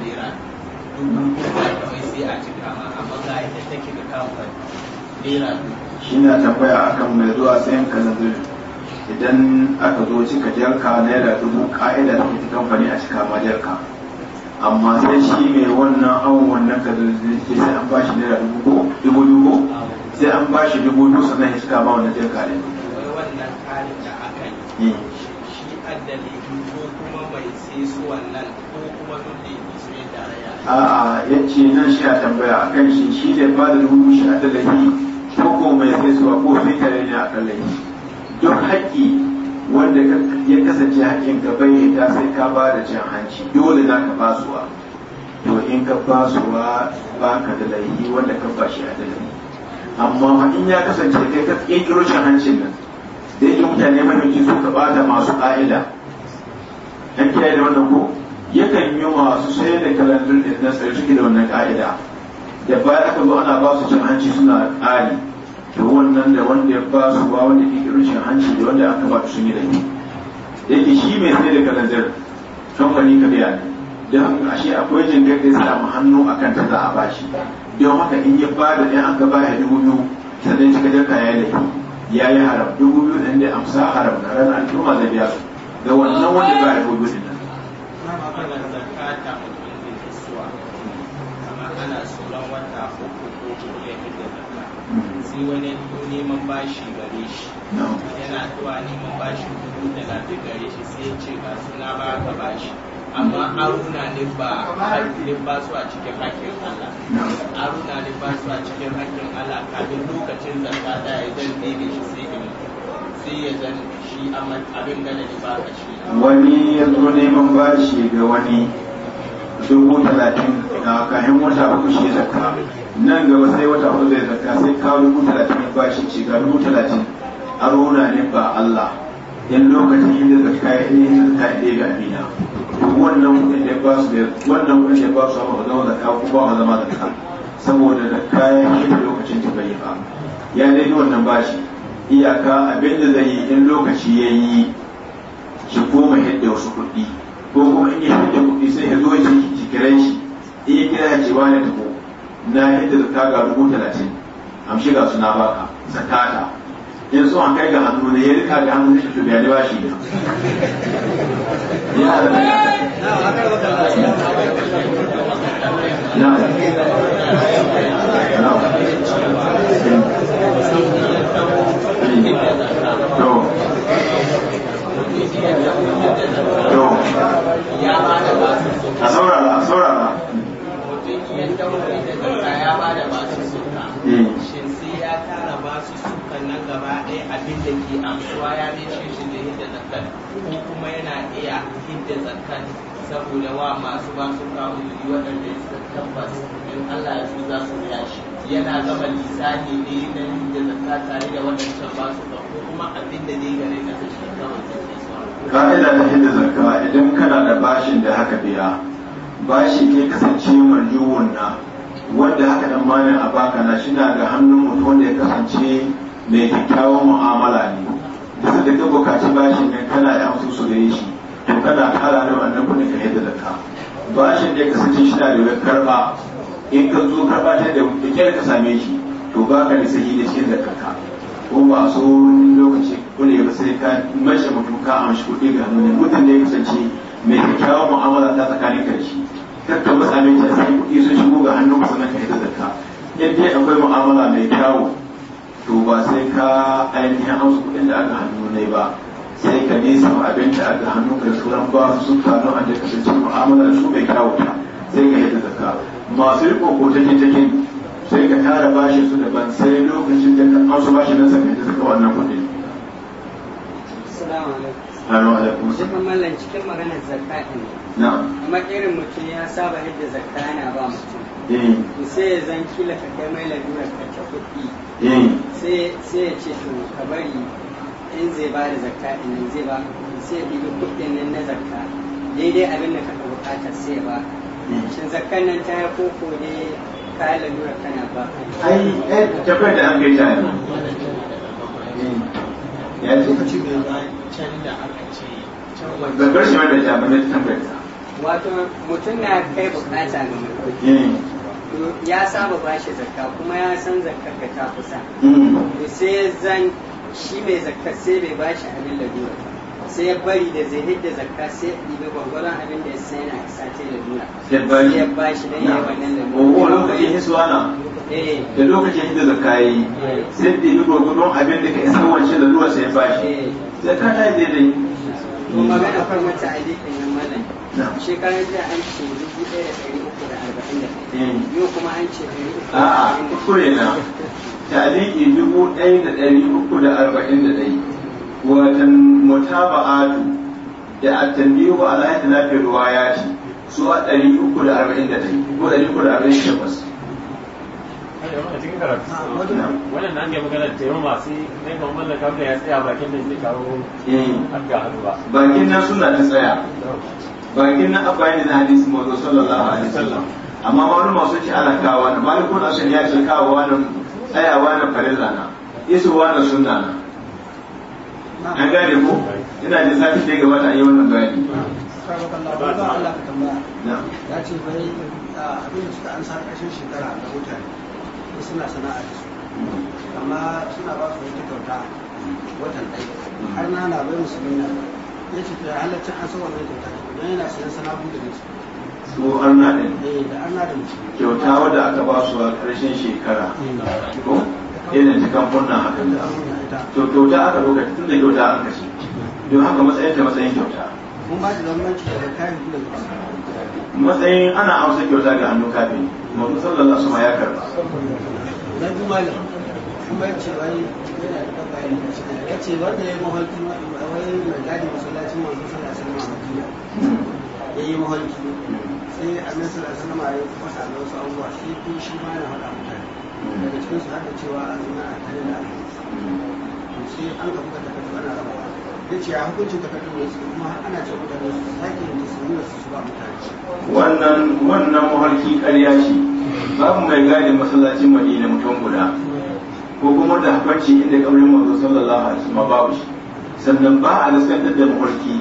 naira dubu a take da naira shi na tambaya akan mai zuwa sayan kanazir idan aka zo cika jarka naira dubu ka'ida da kuma kamfani a cika ma jarka amma sai shi mai wannan awon wannan kanazir ke sai an bashi naira dubu dubu sai an bashi dubu dubu sannan ya cika ma wannan jarka ne. wannan da aka yi eh. ya wannan ko kuma duk da ya so ya tarayya a'a yace nan shi a tambaya a kan shi shi da ba da ruhu shi a dalahi ko ko mai sai suwa ko sai tare ne a dalahi duk haƙƙi wanda ya kasance haƙƙin ka bai ta sai ka ba da cin hanci dole za ka basuwa to in ka basuwa ba ka da laifi wanda ka ba shi a dalahi amma in ya kasance kai ka ƙirƙiro cin hancin nan da yake mutane mafi so ka bata masu ƙa'ida an kiyaye da wannan ko yakan yi masu sayar da kalandun din na sai suke da wannan ka'ida da bayan aka zo ana ba su cin hanci suna ƙari da wannan da wanda ya ba su ba wanda ke kirin cin hanci da wanda aka ba su sun yi da shi yake shi mai sayar da kalandun kamfani ka biya don haka ashe akwai jin gaggais mu hannu akan ta za a bashi don haka in ya ba da ɗan aka ba ya dubu biyu sannan cika jarka ya yi da ya yi haram dubu biyu ɗan da amsa haram na ranar al'umma zai biya su ga wannan wanda ba ya gobe da ana tsoron wata uku ko hudu ya fita zakka sai wani neman bashi gare shi yana zuwa neman bashi dubu talatin gare shi sai ya ce ga suna ba ka bashi amma aruna ne ba ne ba su a cikin hakkin Allah aruna ne ba su a cikin hakkin Allah kafin lokacin zakka da ya zan ɗebe shi sai ya zan wani ya zo neman bashi ga wani dubu talatin na kayan wata uku shi zakka nan gaba sai wata uku zai zakka sai kawo dubu talatin bashi ce ga dubu talatin aruna ne ba Allah in lokacin yin zakka ya yi zakka ya ga amina wannan kuɗin da ba su wannan kuɗin da ba su ba zama zakka ko ba zama zakka saboda zakka ya yi lokacin ta bai ba ya dai wannan bashi iyaka abin da zai yi in lokaci ya yi shi koma hidda wasu kuɗi ko kuma in yi hidda kuɗi sai ya zo shi kiran shi in yi kira ce ba ya tako na hidda ta ga dubu talatin am ga suna baka zakata in so an kai ga hannu ne ya rika ga hannu shi biya ne ba shi ya na na ko kuma yana iya hidda zakat saboda wa masu ba su kawo waɗanda ya suka tabbas in Allah ya so za su biya shi yana gama lisani ne na da zakat tare da waɗancan ba su ko kuma abin da zai gare ka shi kawai ka'ida hidda zakka idan kana da bashin da haka biya bashi ke kasance marjuwun na wanda haka dan malam a baka na shi na ga hannun mutum wanda ya kasance mai kyakkyawan mu'amala ne da ka bukaci bashin nan kana ya amsu su gare shi to kana kara da wannan kuɗin ka yadda da ka bashin da ka sace shi na da wani karɓa in ka zo karɓa ta da kyar ka same shi to ba ka da sahi da cikin zakarka ko ba so lokaci kule ya sai ka mashi mutum ka amshi kuɗi ga hannun mutum da ya kasance mai kyakkyawar mu'amala ta tsakanin ka da shi kakka masa mai sai kuɗi sun shigo ga hannun sannan ka yadda zakka yadda akwai mu'amala mai kyawu to ba sai ka ainihin amsa kuɗin da aka hannu ne ba sai ka nisa abin da aka hannu ka ran ba su sun tanu a da kasance mu'amala su bai kyawuta sai ka yi da zakka masu riko ko take take sai ka tara bashi su daban sai lokacin da ka amsa bashi nan sai ka yi zakka wannan kuɗin. Assalamu alaikum. Assalamu alaikum. Shifan mallan cikin maganar zakka ɗin. Na'am. Kuma irin mutum ya saba yadda zakka yana ba mutum. Eh. Sai ya zan kila ka kai mai lalurar ka ta kuɗi. Eh. sai sai ya ce to ka bari in zai ba da zakka in zai ba sai ya bibi kuɗin nan na zakka daidai abin da kaka bukata sai ya ba eh. shin zakkan nan ta ko ko dai ka lalura kana ba ai eh tabbar da an gaita ne ya ce ka ci da can da aka ce can wanda shi wanda ya ba da tambayar wato mutum na kai bukata ne ya saba bashi zakka kuma ya san zakkar da ta kusa hmm. to sai zan shi mai zakka sai bai bashi abin da lalura sai ya bari da zai hidda zakka sai ya ɗibi gwagwaron abin da ya sai na isa ce lalura sai ya bashi dan ya wannan lalura ko lokacin hisuwa na eh. da lokacin hidda zakka yi eh. sai ya ɗibi gwagwaron abin da ka isa wancan lalura sai ya bashi eh. zakka ta yi daidai kuma magana farmata a liƙin nan malam shekarar da an ce dubu ɗaya da ɗari Hmm. yau kuma an ce a'a kure na taliki dubu ɗaya da ɗari uku da arba'in da ɗari watan mutaba'atu da attambiyu ba ala ta lafiya ruwa ya ce su a ɗari uku da arba'in da ɗari ko ɗari uku da arba'in da takwas wannan an gaba masu ne ya tsaya bakin nan zai kawo eh. bakin nan suna ta tsaya bakin nan abayin da hadisi mawazo sallallahu alaihi wasallam amma wani masu ce ana kawo wani malikun asin ya ce kawo wani tsayawa na farilla na isuwa na sunna na an gane ko ina da zafi da gaba da yi wannan gani ya ce bai abin da suka an sa ƙarshen shekara da mutane suna sana'a da su amma suna ba su wata kyauta watan ɗaya har na na bai musulmi na ya ce ta halaccin an sa wannan kyauta don yana sayan sana'u da su su na din eh, kyauta wadda aka ba su a ƙarshen shekara eh. ko irin ta kamfuna hakan da to kyauta aka doka tun da kyauta an kashe don haka matsayin ta matsayin kyauta matsayin ana amsa kyauta ga hannu kafin mutum sallallahu alaihi ya karba kuma ya ce wai yana da kafayen ya ce wanda ya yi mahalki wai mai gadi masallacin wanzu sallallahu alaihi ya yi mahalki hmm. sai annabi sallallahu alaihi wasallam ya fasa da wasu abubuwa sai ko shi ma ya faɗa mutane daga cikin su haka cewa azumi a tare da azumi to sai an ka buga takardu ana rabawa ya ce a hukuncin takardu ne su kuma ana ce mutane su sake yin tasiriyar su ba mutane wannan wannan mahalki ƙarya ce babu mai gane masallacin madina mutum guda ko kuma da hafarci inda kamar manzo sallallahu alaihi wasallam babu shi sannan ba a naskantar da mafarki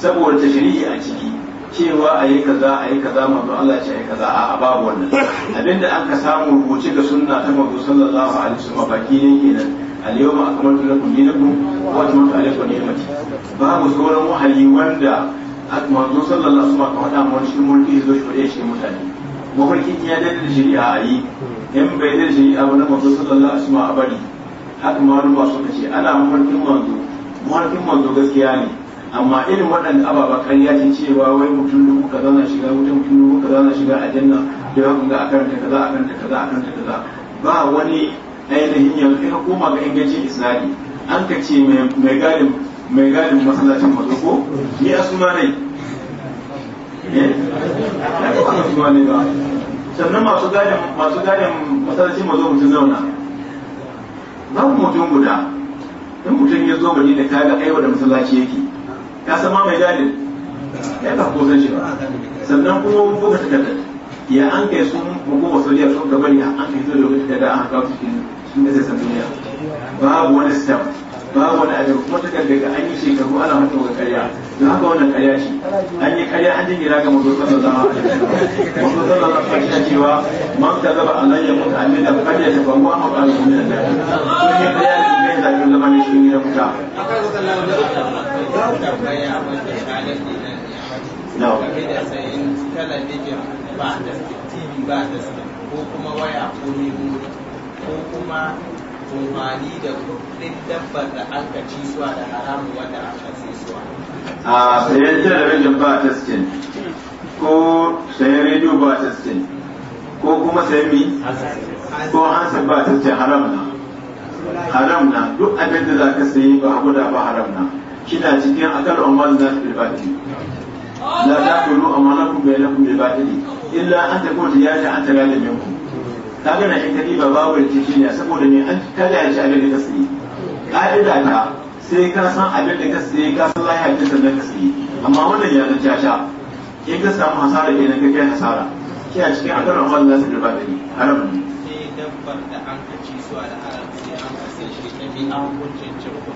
saboda tashri'i a ciki cewa a yi kaza a yi kaza manzo Allah ce a yi kaza a babu wannan abinda an ka samu rubuce ga sunna ta manzo sallallahu alaihi wasallam baki ne kenan al-yawma akmaltu lakum dinakum wa atmamtu alaykum ni'mati babu sauran wahali wanda manzo sallallahu alaihi wasallam ka faɗa mun mutane ya da a yi in bai da shari'a ba na manzo a bari ma wani masu ana gaskiya ne amma irin waɗanda ababa kan ce cewa wai mutum dubu kaza na shiga wuta mutum dubu kaza na shiga a janna da ya kunga a karanta kaza a karanta kaza a karanta kaza ba wani ainihin yanzu ka koma ga ingancin isnadi an ka ce mai gadin mai masallacin mazo ko ni a suna ne eh? sannan masu gadin masu galin masallacin mazo mutum zauna babu mutum guda in mutum ya zo da kaga aiwa da masallaci yake ya san ma mai ya ka ko zan shi ba sannan kuma ta takarda ya an kai sun hukumar saudiya sun gaba ne an kai zai lokacin da an kawo cikin sun da san duniya babu wani stamp babu wani abin kuma takarda ga an yi shekaru ana mutu ga karya don haka wannan karya shi an yi karya an jira ga mazo sallallahu alaihi wasallam mazo sallallahu alaihi wasallam cewa man kazaba alayya muta'ammida faqad yatafawu amma qala min al-jahil kun yi karya ne da zaman shi ne ya fita tambaya wanda shalin ne na game da sayin talabijin ba da tv ba da ko kuma waya ko nemo ko kuma umarni da kudin dabbar da an ka ci suwa da haramun wanda an ka sai suwa. a sayan talabijin ba taskin ko sayan rediyo ba taskin ko kuma sayan mi ko hansan ba taskin haram na haram na duk abin da za ka sayi ba abu da ba haram na kina cikin akal umman nas bil batil la ta'kulu ku bainakum bil ne. illa an ya ta an tagada ku. kaga gana in kadi ba babu rikici ne saboda ne an kada shi abin da kasi ka'ida ta sai ka san abin da ka kasi ka san lafiya da sannan kasi amma wannan ya zan caca in ka samu hasara ne ka kai hasara kiya cikin akal su nas bil ne. haram ne dabbar da an ci su al'arab sai an sai shi ne an hukuncin cewa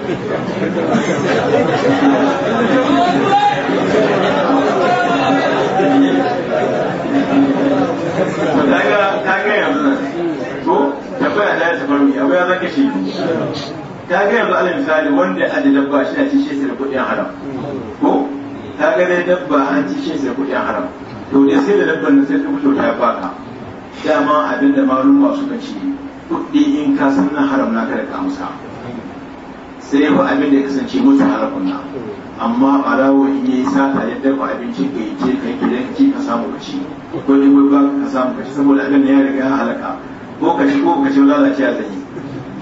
kaga yanzu ko tabbaya da ya tabar mai abu ya shi kaga yanzu alal misali wanda a da dabba shi na cishe shi da kuɗin haram ko kaga dai dabba an cishe shi da kuɗin haram to dai sai da dabban nan sai ta fito ta baka dama abinda malum masu kaci kuɗi in ka san na haram na kada ka amsa sai ya abin da ya kasance musu harafunna amma rawo in yi sata ya dafa abinci ga yi ce kai gidan ci ka samu ka ci ko ne ba ka samu ka ci saboda abin da ya riga ya halaka ko ka ci ko ka ci lalace ya zai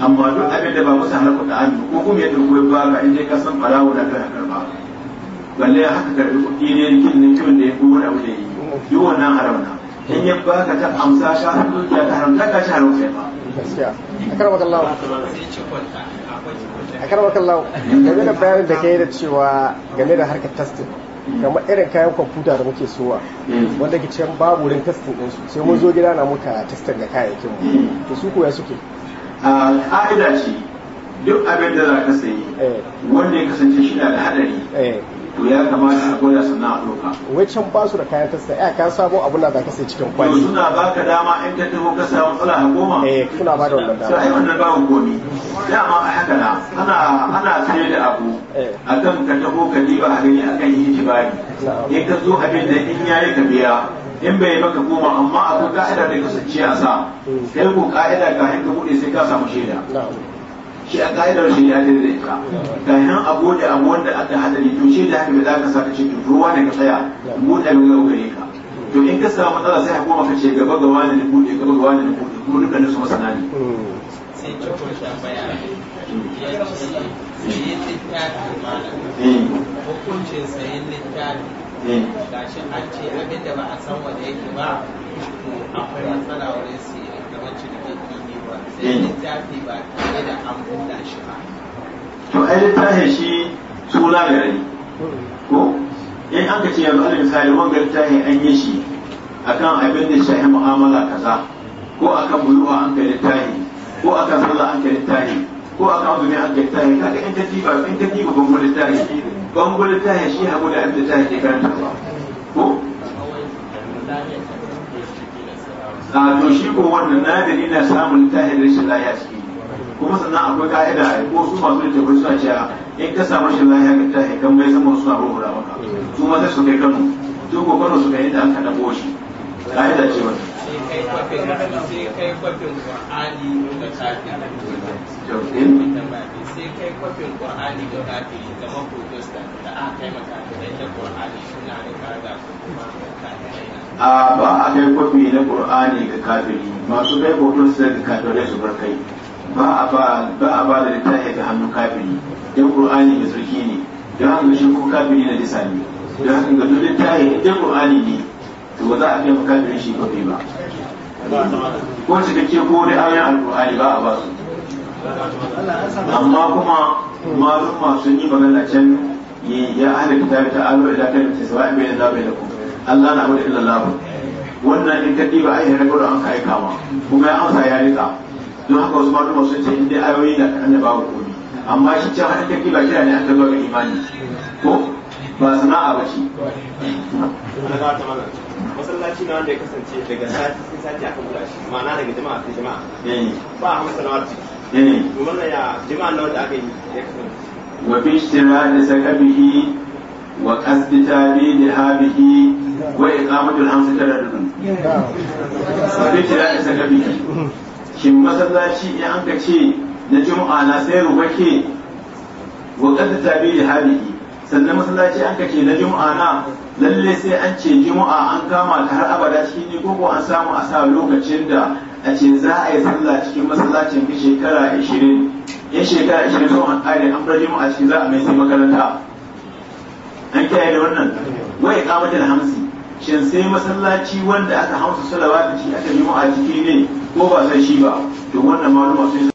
amma duk abin da ba musu halaka da hannu ko kuma ya dauko ba ka inda ka san ɓarawo da kai karba balle haka karbi kuɗi ne kin ne kin da ya ko wani abu yi yi wannan haram na in ya baka ta amsa ka hannu ya ta haramta ka ci haram ba gaskiya a karbar kallawa a karbar kallawa da bayanin da ka yi da cewa game da harkar testing kamar irin kayan kwamfuta da muke sowa wanda ke cikin babu wurin testing ɗinsu sai mun zo gida na muka testing da kayayyakin mu to su koya suke a ƙa'ida ce duk abin da za ka sayi eh. wanda ya kasance shi da hadari eh. ya kamata a koya sannan a doka wacan ba su da kayan tasta ya eh, ka sabo abu na da sai cikin kwali to suna baka dama in ka tafi ka samu matsala a goma eh kuna ba da wannan dama sai wannan babu komi ma a haka na ana ana sai da abu eh. akan ka tafi ka diba a gani akan hijibai in ka zo abin da in yayi ka biya in bai maka goma amma akwai ka'ida da kasance a sa hmm. kai ko ka'ida ka bude sai ka samu shaida shi a ƙa'idar shi ya dai da ita ga nan a bude abu wanda aka hadari to shi da haka da za ka sa ka ce ruwa ne ka tsaya buɗe mai yau gare ka to in ka samu matsala sai hakuma ka ce gaba gaba ne da buɗe gaba ga wani da ko duka dukkanin su masana ne sai cikin shafaya ya ce sayin hukuncin sayin littafi eh. gashi an ce abin da ba a san wanda yake ba akwai matsala wurin su kamar cikin ba shi to ai littafin shi suna gari ko in an ka ce yanzu alal misali wanga littafi an yi shi akan abin da shahi mu'amala kaza ko akan buyuwa an ka littafi ko akan sallah an ka littafi ko akan azumi an ka littafi kaga in ba in ba ban gudu littafi ban gudu littafi shi hagu da an da littafi ke karanta ba ko a to shi ko wannan nadiri na samun littafin rashin lahiya ciki kuma sannan akwai ka'ida ko su masu littafin suna cewa in ka samu rashin lahiya ga littafi kan bai sama suna rubuta maka su ma sai su kai kano to ko kano su kai inda an ka boshi ka'ida ce wannan sai kai kwafin kafiri a ba a kai kwafi na ga kafiri masu kai ga kafirai su bar kai ba a ba da littafi ga hannun kafiri don qur'ani mai tsarki ne don haka shi ko kafiri na lisa ne don ga duk yan ƙur'ani ne to ba za a kai kafiri shi kuɗi ba ko cikakke ko da ayoyin alkur'ani ba a ba su amma kuma malum sun yi magana can ya ahli kitabi ta alu ila kan tisba'i bayan da bai lakum Allah na abudu illa Allah wannan in ka diba ayi rago da an kai kama kuma ya amsa ya rika don haka wasu malum sun ce inda ayoyi na kan da babu komi amma shi cewa an kadi ba shi ne an ka zo ga imani ko ba ba ce masallaci na wanda ya kasance daga sati sai sati aka bula shi ma'ana daga jama'a sai jama'a eh. ba a masa nawar ciki domin eh. na ya jama'a na wanda aka yi ya kasance wa fi shira da bihi wa kasbi tabi da habihi wa iqamatul hamsa taradun wa fi shira da bihi shin masallaci ya hanka ce na juma'a na sayarwa ke? wa kasbi tabi da habihi sannan masallaci an kace na juma'a na lalle sai an ce juma'a an kama ta har abada shi ne ko an samu a sa lokacin da a ce za a yi sallah cikin masallacin ga shekara 20 in shekara 20 zuwa an kare an bar juma'a cikin za a mai sai makaranta an kiyaye da wannan wai kamatul hamsi shin sai masallaci wanda aka hamsu salawa da shi aka juma'a ciki ne ko ba sai shi ba to wannan maluma sai